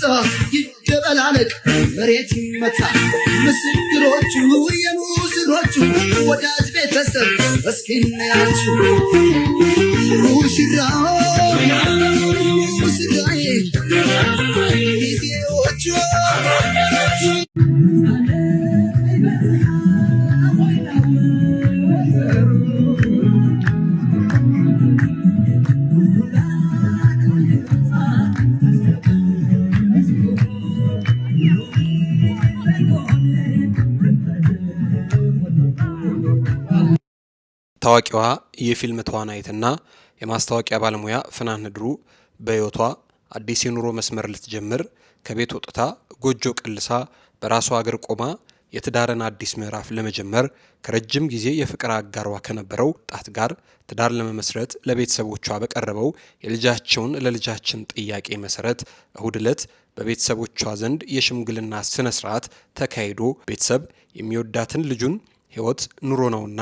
ጽሕፈት ይደበላለቅ፣ መሬት ይመታ። ምስክሮቹ የሙስሮቹ ወዳጅ ቤተሰብ እስኪ እናያችሁ ሙሽራ ሙሽራዬ ሚዜዎቹ ታዋቂዋ የፊልም ተዋናይትና የማስታወቂያ ባለሙያ ፍናን ህድሩ በሕይወቷ አዲስ የኑሮ መስመር ልትጀምር ከቤት ወጥታ ጎጆ ቀልሳ በራሷ አገር ቆማ የትዳርን አዲስ ምዕራፍ ለመጀመር ከረጅም ጊዜ የፍቅር አጋሯ ከነበረው ጣት ጋር ትዳር ለመመስረት ለቤተሰቦቿ በቀረበው የልጃቸውን ለልጃችን ጥያቄ መሰረት እሁድ ዕለት በቤተሰቦቿ ዘንድ የሽምግልና ስነ ስርዓት ተካሂዶ ቤተሰብ የሚወዳትን ልጁን ህይወት ኑሮ ነውና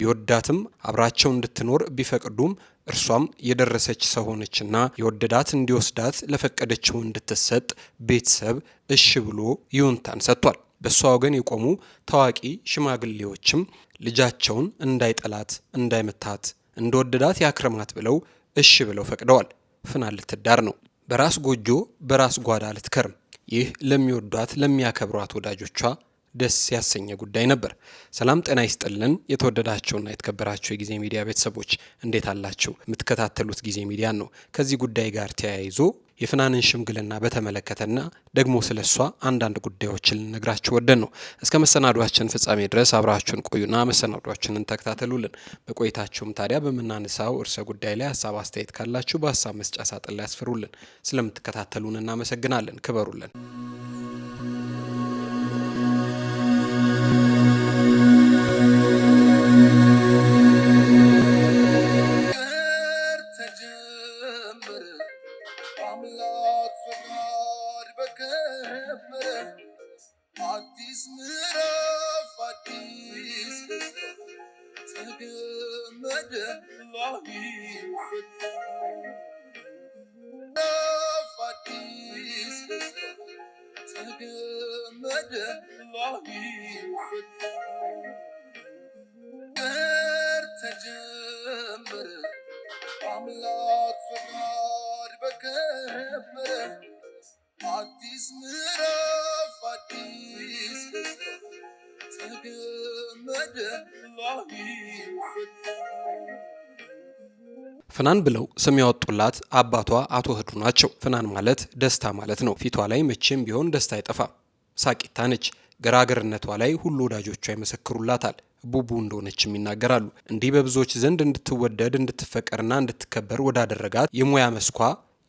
ቢወዳትም አብራቸው እንድትኖር ቢፈቅዱም እርሷም የደረሰች ሰው ሆነችና የወደዳት እንዲወስዳት ለፈቀደችው እንድትሰጥ ቤተሰብ እሺ ብሎ ይሁንታን ሰጥቷል። በእሷ ወገን የቆሙ ታዋቂ ሽማግሌዎችም ልጃቸውን እንዳይጠላት፣ እንዳይመታት፣ እንደወደዳት ያክርማት ብለው እሺ ብለው ፈቅደዋል። ፍና ልትዳር ነው። በራስ ጎጆ በራስ ጓዳ ልትከርም። ይህ ለሚወዷት ለሚያከብሯት ወዳጆቿ ደስ ያሰኘ ጉዳይ ነበር። ሰላም ጤና ይስጥልን። የተወደዳቸውና የተከበራቸው የጊዜ ሚዲያ ቤተሰቦች እንዴት አላቸው? የምትከታተሉት ጊዜ ሚዲያ ነው። ከዚህ ጉዳይ ጋር ተያይዞ የፍናንን ሽምግልና በተመለከተና ደግሞ ስለ እሷ አንዳንድ ጉዳዮችን ልነግራችሁ ወደን ነው። እስከ መሰናዷችን ፍጻሜ ድረስ አብራችሁን ቆዩና መሰናዷችንን ተከታተሉልን። በቆይታችሁም ታዲያ በምናነሳው እርሰ ጉዳይ ላይ ሀሳብ አስተያየት ካላችሁ በሀሳብ መስጫ ሳጥን ላይ ያስፍሩልን። ስለምትከታተሉን እናመሰግናለን። ክበሩልን። İzmir'e Fatih Tegemedim lahi fatiz Tegemedim lahi Ger tecemmür Amlat fıkar bekemmür Hadis mırar ፍናን ብለው ስም ያወጡላት አባቷ አቶ ህዱ ናቸው። ፍናን ማለት ደስታ ማለት ነው። ፊቷ ላይ መቼም ቢሆን ደስታ አይጠፋም። ሳቂታ ነች። ገራገርነቷ ላይ ሁሉ ወዳጆቿ ይመሰክሩላታል። ቡቡ እንደሆነችም ይናገራሉ። እንዲህ በብዙዎች ዘንድ እንድትወደድ እንድትፈቀርና እንድትከበር ወዳደረጋት የሙያ መስኳ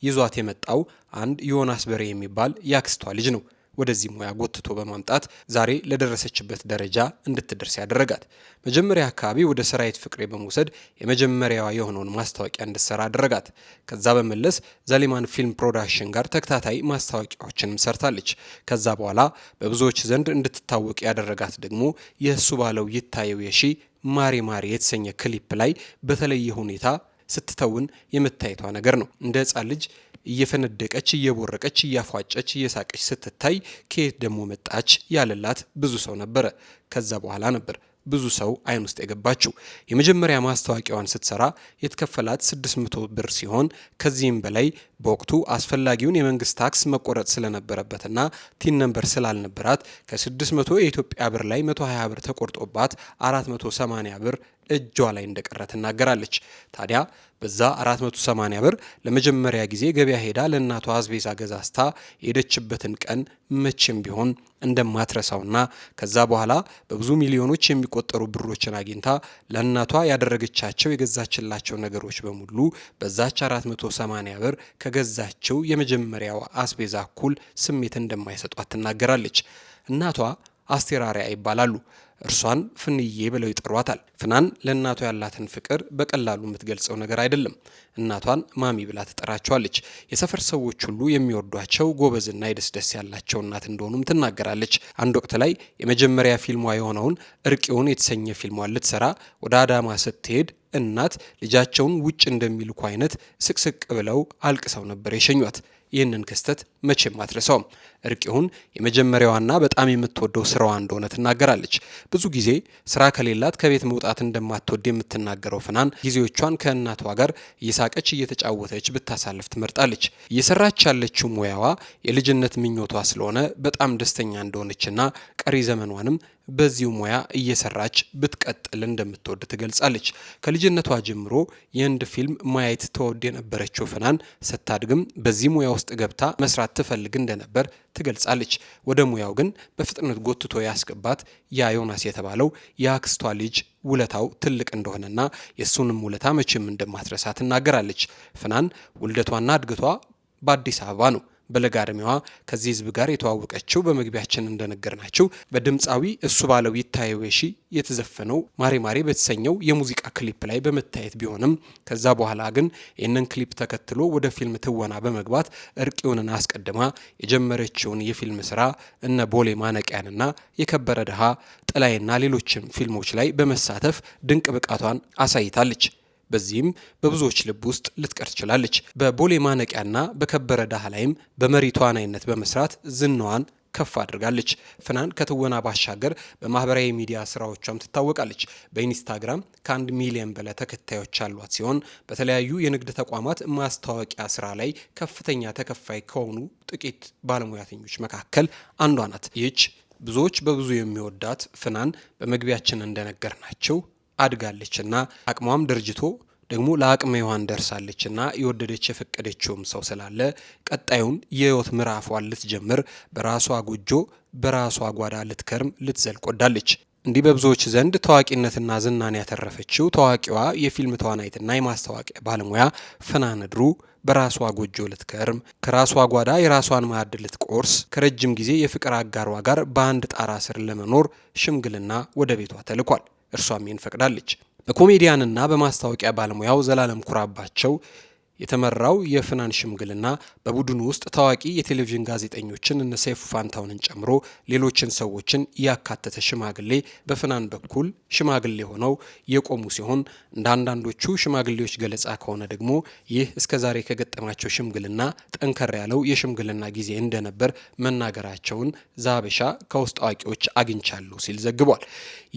ይዟት የመጣው አንድ ዮናስ በሬ የሚባል ያክስቷ ልጅ ነው። ወደዚህ ሙያ ጎትቶ በማምጣት ዛሬ ለደረሰችበት ደረጃ እንድትደርስ ያደረጋት። መጀመሪያ አካባቢ ወደ ሰራዊት ፍቅሬ በመውሰድ የመጀመሪያዋ የሆነውን ማስታወቂያ እንድትሰራ አደረጋት። ከዛ በመለስ ዘሊማን ፊልም ፕሮዳክሽን ጋር ተከታታይ ማስታወቂያዎችንም ሰርታለች። ከዛ በኋላ በብዙዎች ዘንድ እንድትታወቅ ያደረጋት ደግሞ የእሱ ባለው ይታየው የሺ ማሪ ማሪ የተሰኘ ክሊፕ ላይ በተለየ ሁኔታ ስትተውን የመታየቷ ነገር ነው። እንደ ህፃን ልጅ እየፈነደቀች እየቦረቀች እያፏጨች እየሳቀች ስትታይ ከየት ደግሞ መጣች ያለላት ብዙ ሰው ነበረ። ከዛ በኋላ ነበር ብዙ ሰው አይን ውስጥ የገባችው። የመጀመሪያ ማስታወቂያዋን ስትሰራ የተከፈላት 600 ብር ሲሆን ከዚህም በላይ በወቅቱ አስፈላጊውን የመንግስት ታክስ መቆረጥ ስለነበረበትና ቲን ነንበር ስላልነበራት ከ600 የኢትዮጵያ ብር ላይ 120 ብር ተቆርጦባት 480 ብር እጇ ላይ እንደቀረ ትናገራለች። ታዲያ በዛ 480 ብር ለመጀመሪያ ጊዜ ገበያ ሄዳ ለእናቷ አስቤዛ ገዛዝታ የሄደችበትን ቀን መቼም ቢሆን እንደማትረሳውና ከዛ በኋላ በብዙ ሚሊዮኖች የሚቆጠሩ ብሮችን አግኝታ ለእናቷ ያደረገቻቸው የገዛችላቸው ነገሮች በሙሉ በዛች 480 ብር ከገዛችው የመጀመሪያው አስቤዛ እኩል ስሜት እንደማይሰጧት ትናገራለች። እናቷ አስቴራሪያ ይባላሉ። እርሷን ፍንዬ ብለው ይጠሯታል። ፍናን ለእናቷ ያላትን ፍቅር በቀላሉ የምትገልጸው ነገር አይደለም። እናቷን ማሚ ብላ ትጠራቸዋለች። የሰፈር ሰዎች ሁሉ የሚወዷቸው ጎበዝና የደስደስ ያላቸው እናት እንደሆኑም ትናገራለች። አንድ ወቅት ላይ የመጀመሪያ ፊልሟ የሆነውን እርቂውን የተሰኘ ፊልሟን ልትሰራ ወደ አዳማ ስትሄድ እናት ልጃቸውን ውጭ እንደሚልኩ አይነት ስቅስቅ ብለው አልቅሰው ነበር የሸኟት። ይህንን ክስተት መቼም አትረሳውም። እርቅሁን የመጀመሪያዋና በጣም የምትወደው ስራዋ እንደሆነ ትናገራለች። ብዙ ጊዜ ስራ ከሌላት ከቤት መውጣት እንደማትወድ የምትናገረው ፍናን ጊዜዎቿን ከእናቷ ጋር እየሳቀች እየተጫወተች ብታሳልፍ ትመርጣለች። እየሰራች ያለችው ሙያዋ የልጅነት ምኞቷ ስለሆነ በጣም ደስተኛ እንደሆነችና ቀሪ ዘመኗንም በዚሁ ሙያ እየሰራች ብትቀጥል እንደምትወድ ትገልጻለች። ከልጅነቷ ጀምሮ የህንድ ፊልም ማየት ተወድ የነበረችው ፍናን ስታድግም በዚህ ሙያ ውስጥ ገብታ መስራት ትፈልግ እንደነበር ትገልጻለች። ወደ ሙያው ግን በፍጥነት ጎትቶ ያስገባት ያ ዮናስ የተባለው የአክስቷ ልጅ ውለታው ትልቅ እንደሆነና የእሱንም ውለታ መቼም እንደማትረሳ ትናገራለች። ፍናን ውልደቷና እድገቷ በአዲስ አበባ ነው። በለጋ እድሜዋ ከዚህ ህዝብ ጋር የተዋወቀችው በመግቢያችን እንደነገርናችሁ በድምፃዊ እሱ ባለው ይታየው የሺ የተዘፈነው ማሬ ማሬ በተሰኘው የሙዚቃ ክሊፕ ላይ በመታየት ቢሆንም ከዛ በኋላ ግን ይህንን ክሊፕ ተከትሎ ወደ ፊልም ትወና በመግባት እርቂውንን አስቀድማ የጀመረችውን የፊልም ስራ እነ ቦሌ ማነቂያንና የከበረ ድሃ ጥላይና ሌሎችም ፊልሞች ላይ በመሳተፍ ድንቅ ብቃቷን አሳይታለች። በዚህም በብዙዎች ልብ ውስጥ ልትቀር ትችላለች። በቦሌ ማነቂያና በከበረ ዳህ ላይም በመሪ ተዋናይነት በመስራት ዝናዋን ከፍ አድርጋለች። ፍናን ከትወና ባሻገር በማህበራዊ ሚዲያ ስራዎቿም ትታወቃለች። በኢንስታግራም ከአንድ ሚሊዮን በላይ ተከታዮች ያሏት ሲሆን በተለያዩ የንግድ ተቋማት ማስታወቂያ ስራ ላይ ከፍተኛ ተከፋይ ከሆኑ ጥቂት ባለሙያተኞች መካከል አንዷ ናት። ይህች ብዙዎች በብዙ የሚወዳት ፍናን በመግቢያችን እንደነገር ናቸው። አድጋለችና አቅሟም ድርጅቱ ደግሞ ለአቅመ ሔዋን ደርሳለችና የወደደች የፈቀደችውም ሰው ስላለ ቀጣዩን የህይወት ምዕራፏን ልትጀምር በራሷ ጎጆ በራሷ ጓዳ ልትከርም ልትዘልቅ ወዳለች። እንዲህ በብዙዎች ዘንድ ታዋቂነትና ዝናን ያተረፈችው ታዋቂዋ የፊልም ተዋናይትና የማስታወቂያ ባለሙያ ፍናን በራሷ ጎጆ ልትከርም ከራሷ ጓዳ የራሷን ማዕድ ልትቆርስ ከረጅም ጊዜ የፍቅር አጋሯ ጋር በአንድ ጣራ ስር ለመኖር ሽምግልና ወደ ቤቷ ተልኳል። እርሷም ይህን ፈቅዳለች። በኮሜዲያንና በማስታወቂያ ባለሙያው ዘላለም ኩራባቸው የተመራው የፍናን ሽምግልና በቡድኑ ውስጥ ታዋቂ የቴሌቪዥን ጋዜጠኞችን እነ ሰይፉ ፋንታውንን ጨምሮ ሌሎችን ሰዎችን ያካተተ ሽማግሌ በፍናን በኩል ሽማግሌ ሆነው የቆሙ ሲሆን እንደ አንዳንዶቹ ሽማግሌዎች ገለጻ ከሆነ ደግሞ ይህ እስከዛሬ ከገጠማቸው ሽምግልና ጠንከር ያለው የሽምግልና ጊዜ እንደነበር መናገራቸውን ዛበሻ ከውስጥ አዋቂዎች አግኝቻለሁ ሲል ዘግቧል።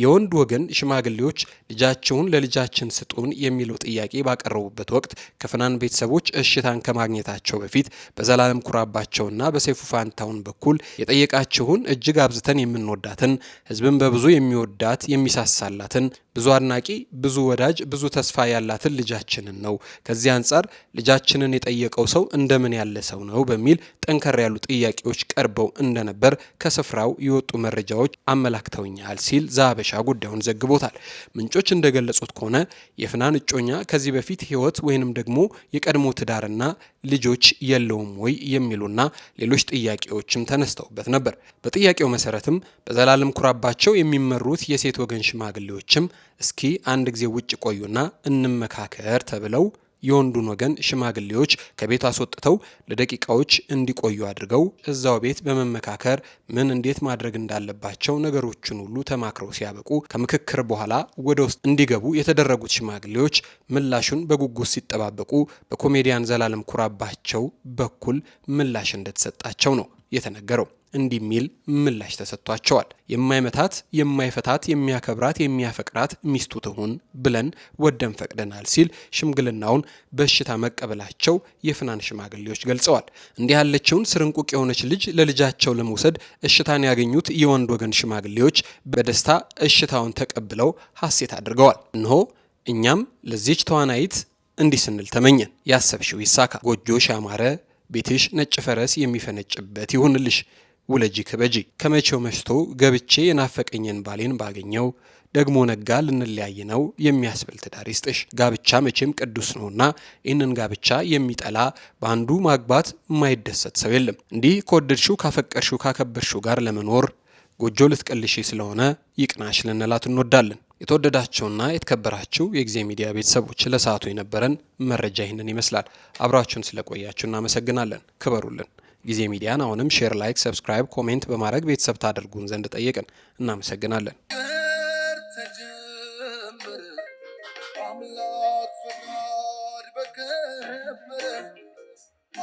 የወንድ ወገን ሽማግሌዎች ልጃቸውን ለልጃችን ስጡን የሚለው ጥያቄ ባቀረቡበት ወቅት ከፍናን ቤት ቤተሰቦች እሽታን ከማግኘታቸው በፊት በዘላለም ኩራባቸውና በሰይፉ ፋንታሁን በኩል የጠየቃችሁን እጅግ አብዝተን የምንወዳትን ህዝብን በብዙ የሚወዳት የሚሳሳላትን ብዙ አድናቂ፣ ብዙ ወዳጅ፣ ብዙ ተስፋ ያላትን ልጃችንን ነው። ከዚህ አንጻር ልጃችንን የጠየቀው ሰው እንደምን ያለ ሰው ነው በሚል ጠንከር ያሉ ጥያቄዎች ቀርበው እንደነበር ከስፍራው የወጡ መረጃዎች አመላክተውኛል ሲል ዘሀበሻ ጉዳዩን ዘግቦታል። ምንጮች እንደገለጹት ከሆነ የፍናን እጮኛ ከዚህ በፊት ህይወት ወይንም ደግሞ የቀድሞ ትዳርና ልጆች የለውም ወይ የሚሉና ሌሎች ጥያቄዎችም ተነስተውበት ነበር። በጥያቄው መሰረትም በዘላለም ኩራባቸው የሚመሩት የሴት ወገን ሽማግሌዎችም እስኪ አንድ ጊዜ ውጭ ቆዩና እንመካከር ተብለው የወንዱን ወገን ሽማግሌዎች ከቤት አስወጥተው ለደቂቃዎች እንዲቆዩ አድርገው እዛው ቤት በመመካከር ምን እንዴት ማድረግ እንዳለባቸው ነገሮችን ሁሉ ተማክረው ሲያበቁ ከምክክር በኋላ ወደ ውስጥ እንዲገቡ የተደረጉት ሽማግሌዎች ምላሹን በጉጉት ሲጠባበቁ በኮሜዲያን ዘላለም ኩራባቸው በኩል ምላሽ እንደተሰጣቸው ነው የተነገረው። እንዲሚል ምላሽ ተሰጥቷቸዋል። የማይመታት የማይፈታት የሚያከብራት የሚያፈቅራት ሚስቱ ትሁን ብለን ወደን ፈቅደናል ሲል ሽምግልናውን በእሽታ መቀበላቸው የፍናን ሽማግሌዎች ገልጸዋል። እንዲህ ያለችውን ስርንቁቅ የሆነች ልጅ ለልጃቸው ለመውሰድ እሽታን ያገኙት የወንድ ወገን ሽማግሌዎች በደስታ እሽታውን ተቀብለው ሀሴት አድርገዋል። እንሆ እኛም ለዚች ተዋናይት እንዲህ ስንል ተመኘን። ያሰብሽው ይሳካ፣ ጎጆሽ ያማረ፣ ቤትሽ ነጭ ፈረስ የሚፈነጭበት ይሁንልሽ። ውለጂ ክበጂ ከመቼው መሽቶ ገብቼ የናፈቀኝን ባሌን ባገኘው ደግሞ ነጋ ልንለያይ ነው የሚያስብል ትዳር ይስጥሽ። ጋብቻ መቼም ቅዱስ ነውና ይህንን ጋብቻ የሚጠላ በአንዱ ማግባት የማይደሰት ሰው የለም። እንዲህ ከወደድሽው ካፈቀርሽው ካከበርሽው ጋር ለመኖር ጎጆ ልትቀልሽ ስለሆነ ይቅናሽ ልንላት እንወዳለን። የተወደዳቸውና የተከበራችሁ የጊዜ ሚዲያ ቤተሰቦች ለሰዓቱ የነበረን መረጃ ይህንን ይመስላል። አብራችሁን ስለቆያችሁ እናመሰግናለን። ክበሩልን። ጊዜ ሚዲያን አሁንም ሼር፣ ላይክ፣ ሰብስክራይብ፣ ኮሜንት በማድረግ ቤተሰብ ታደርጉን ዘንድ ጠየቅን። እናመሰግናለን።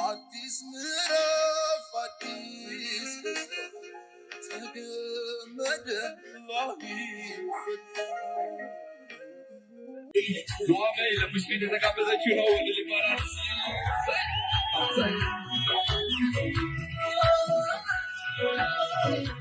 አዲስ ምዕራፍ አዲስ ተገመደ ለሙስሊም የተጋበዘችው ነው። Thank you.